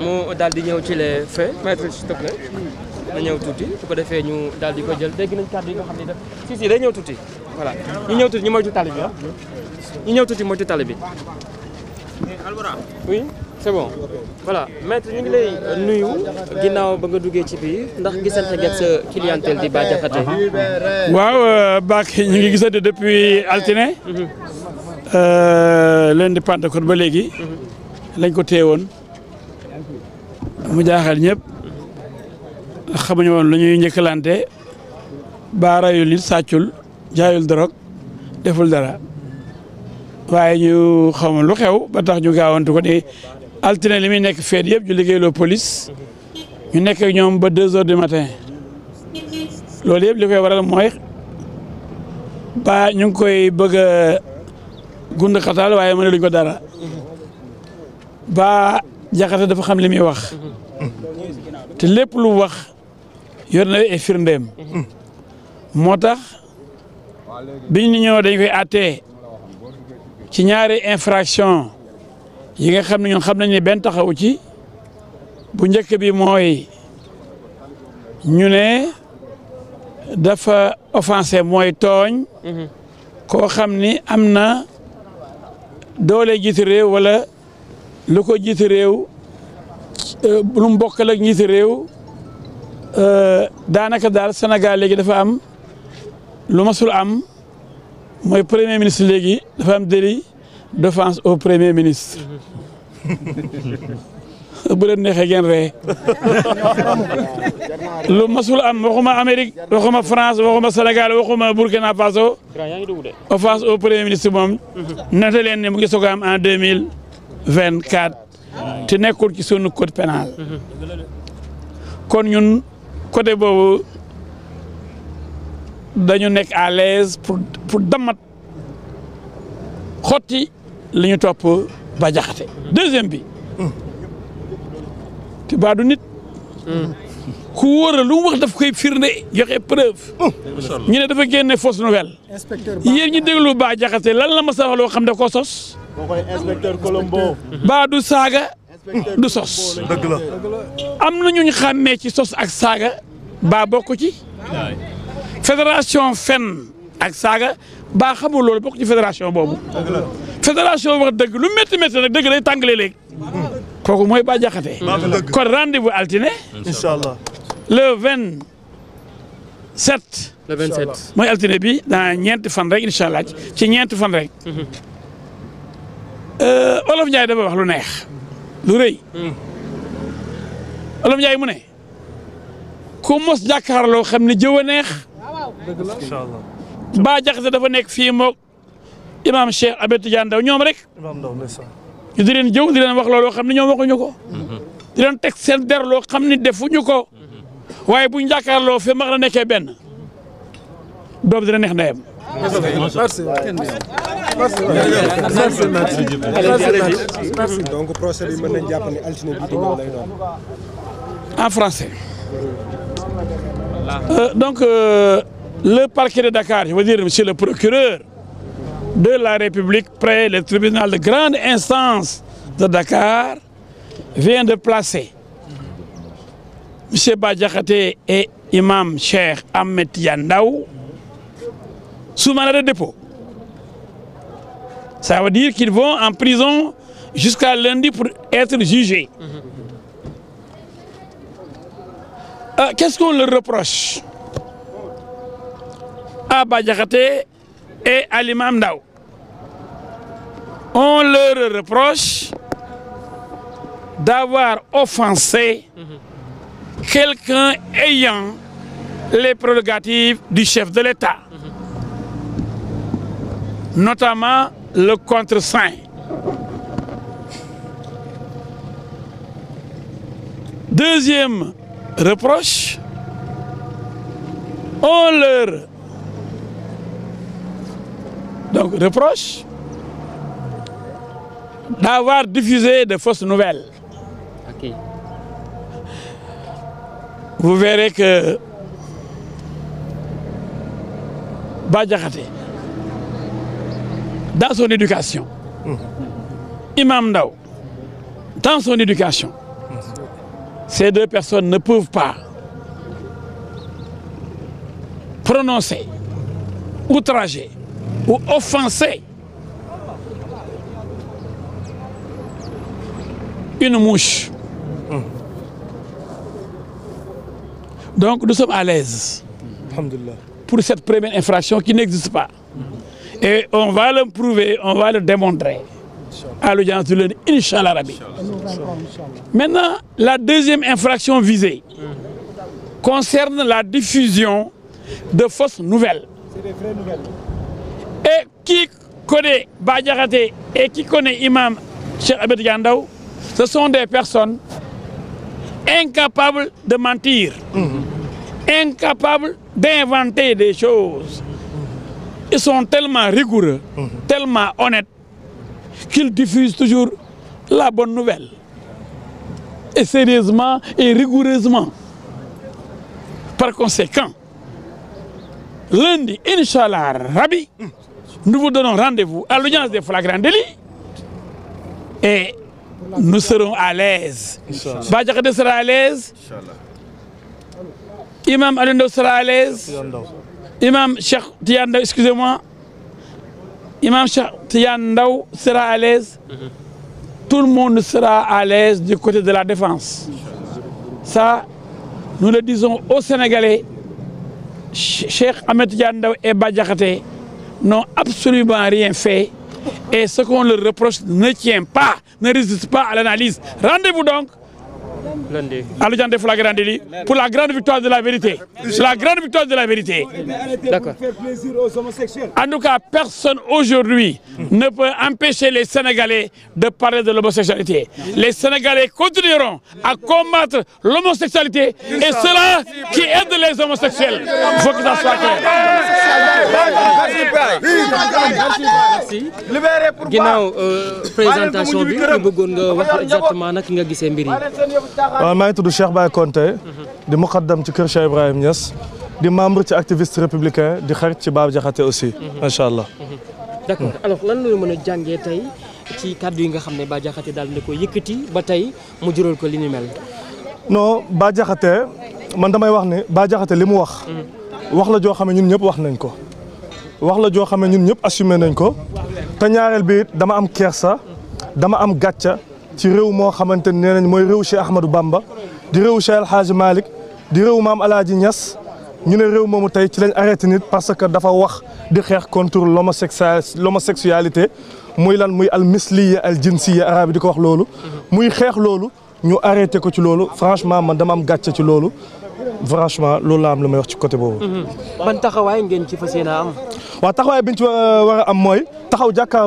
mu daal di ñëw ci les faits maître s'il te na ñëw tuuti su ko defee ñu daal di ko jël dégg yi nga xam ne def si day ñëw tuuti voilà ñu ñëw tuuti ñu moytu tali bi ah ñu ñëw tuuti moytu tali bi oui c'est voilà maître ñu ngi lay nuyu ginnaaw ba nga duggee ci biir ndax gisante ngeen sa clientèle di Bah Diakhaté waaw euh, Bakh ñu ngi gisante depuis altine mhm. euh, lundi Pentecôte ba léegi mhm. lañ ko téye woon mu jaaxal ñëpp xamuñu woon lu ñuy njëkkalante baarayul nit sàccul jaayul dorog deful dara waaye ñu xamul lu xew ba tax ñu gaawantu ko di altine li muy nekk feet yëpp ñu liggéeyloo police ñu nekk ak ñoom ba deux heures du matin loolu yëpp li koy waral mooy ba ñu ngi koy bëgg gund xataal waaye mënaluñ ko dara ba jaxate dafa xam li muy wax te lépp lu wax yor na ay firndeem moo tax biñ ni ñëw dañ koy àttee ci ñaari infraction yi nga xam ne ñun xam nañu benn taxawu ci bu njëkk bi mooy ñu ne dafa offensé mooy tooñ mhm. koo xam ni am na doole jiitu réew lu ko jiite réew eh, lu mu bokkal ak njiiti réew eh, daanaka daal Sénégal léegi dafa am lu masul am mooy premier ministre léegi dafa am délit d'offense au premier ministre bu leen neexee ngeen ree lu masul am waxuma Amérique waxuma France waxuma Sénégal waxuma Burkina Faso offense au premier ministre moom nata leen mu ngi soog a am en mille 24 te nekkul ci sunu code pénal kon ñun côté boobu dañu nekk à l'aise pour pour damat xotti li ñu topp ba jaxate deuxième bi te baa du nit ku wóor lu mu wax daf koy firnde joxe preuve ñu ne dafa génne fausse nouvelle yéen ñu déglu ba jaxate lan la ma sa wax loo xam da koo sos koy inspecteur Colombo. baa du saaga du sos. dëgg am na ñu ñu xàmmee ci sos ak saaga baa bokk ci. fédération fen ak saaga baa xamul loolu bokk ci fédération boobu. fédération wax dëgg lu métti métti nag dëgg day tàngalee léegi. kooku mooy Bah Diakhaté. kon rendez-vous altine. incha allah le vingt sept. le vingt sept mooy altine bi dans ñeenti fan rek incha ci ñeenti fan rek. Mhm. Euh, Olof Ndiaye dafa wax lu neex lu rëy. Hmm. Olof Ndiaye mu ne ku mos jàkkaarloo xam ne jëw a neex. Ba Jaxate dafa nekk fii moog imaam Cheikh Abdou Tidiane Ndaw ñoom rek. ñu di leen jëw di leen wax looloo xam ne ñoom ñu ko. Hmm. di leen teg seen der loo xam ne defuñu ko. Hmm. waaye buñ jàkkaarloo fi max na nekkee benn doom dina neex ndeyam. merci merci donc procès en français. Euh, euh, le parquet de Dakar je veux dire monsieur le procureur de la République près le tribunal de grande instance de Dakar vient de placer monsieur Badiakhaté et imam Cheikh Ahmed Yandaou sous mandat de dépôt. Ça veut dire qu'ils vont en prison jusqu'à lundi pour être jugés. Euh, Qu'est-ce qu'on leur reproche À Badiakate et à l'imam Ndao. On leur reproche d'avoir offensé quelqu'un ayant les prérogatives du chef de l'État, notamment le contre-saint deuxième reproche on leur donc reproche d'avoir diffusé de fausses nouvelles okay. vous verrez que Bah Diakhaté dans son éducation. Imam Ndao, dans son éducation, ces deux personnes ne peuvent pas prononcer, outrager ou offenser une mouche. Donc nous sommes à l'aise pour cette première infraction qui n'existe pas. Et on va le prouver, on va le démontrer à l'audience du lundi, Inch'Allah Rabbi. Maintenant, la deuxième infraction visée concerne la diffusion de fausses nouvelles. des vraies nouvelles. Et qui connaît Badiakate et qui connaît Imam Cheikh Abed Yandaou, ce sont des personnes incapables de mentir, mhm. incapables d'inventer des choses. ils sont tellement rigoureux. Mmh. tellement honnêtes qu'ils diffusent toujours la bonne nouvelle et sérieusement et rigoureusement par conséquent lundi inchallah Rabbi mm. nous vous donnons rendez-vous à l'audience des flagrants délits et nous serons à l'aise Bah Diakhaté sera à l'aise Imam Alioune Ndao sera à l'aise imam Cheikh Tidiane Ndao excusez-moi imam Cheikh Tidiane Ndao sera à l'aise tout le monde sera à l'aise du côté de la défense ça nous le disons aux Sénégalais Cheikh Ahmed Tidiane Ndao et Badiakhaté n'ont absolument rien fait et ce qu'on leur reproche ne tient pas ne résiste pas à l'analyse rendez-vous donc Alunjante pour la grande victoire de la vérité la grande victoire de la vérité. En tout cas personne aujourd'hui ne peut empêcher les Sénégalais de parler de l'homosexualité. Les Sénégalais continueront à combattre l'homosexualité et cela qui aide les homosexuels. Il faut que ça soit clair. merci ginnaaw euh, présentation bi ñu bëggoon nga wax exactement nag nga gise mbir yi. waaw maa ngi tudd Cheikh Baye Konté di muqaddam ci kër Cheikh Ibrahim Niass di membre ci activiste républicain di xarit ci Baba Diakhaté aussi. incha allah. d'accord alors mën a jàngee tey ci kàddu yi nga xam ne baa Diakhaté daal di ko yëkkati ba tey mu jural ko li ni mel. non Baba Diakhaté man damay wax ni Baba Diakhaté li mu wax. wax la joo xam ne ñun ñëpp wax nañ ko. wax la joo xam ne ñun ñëpp assumé nañ ko te ñaareel bi dama am kersa dama am gàcca ci réew moo xamante ne nañ mooy réew Cheikh Ahmadou Bamba di réew Cheikh El Hadj di réew maam El Hadj ñas ñu ne réew moomu tey ci lañ arrêté nit parce que dafa wax di xeex contre l'homosexualité muy lan muy al misliya al jinsiya arabi di ko wax loolu. muy xeex loolu ñu arrêté ko ci loolu franchement man dama am gàcce ci loolu franchement loolu laa am lu may wax ci côté boobu. waaw taxawaay bi ñu ci euh, war a am mooy taxaw jàkkaarloo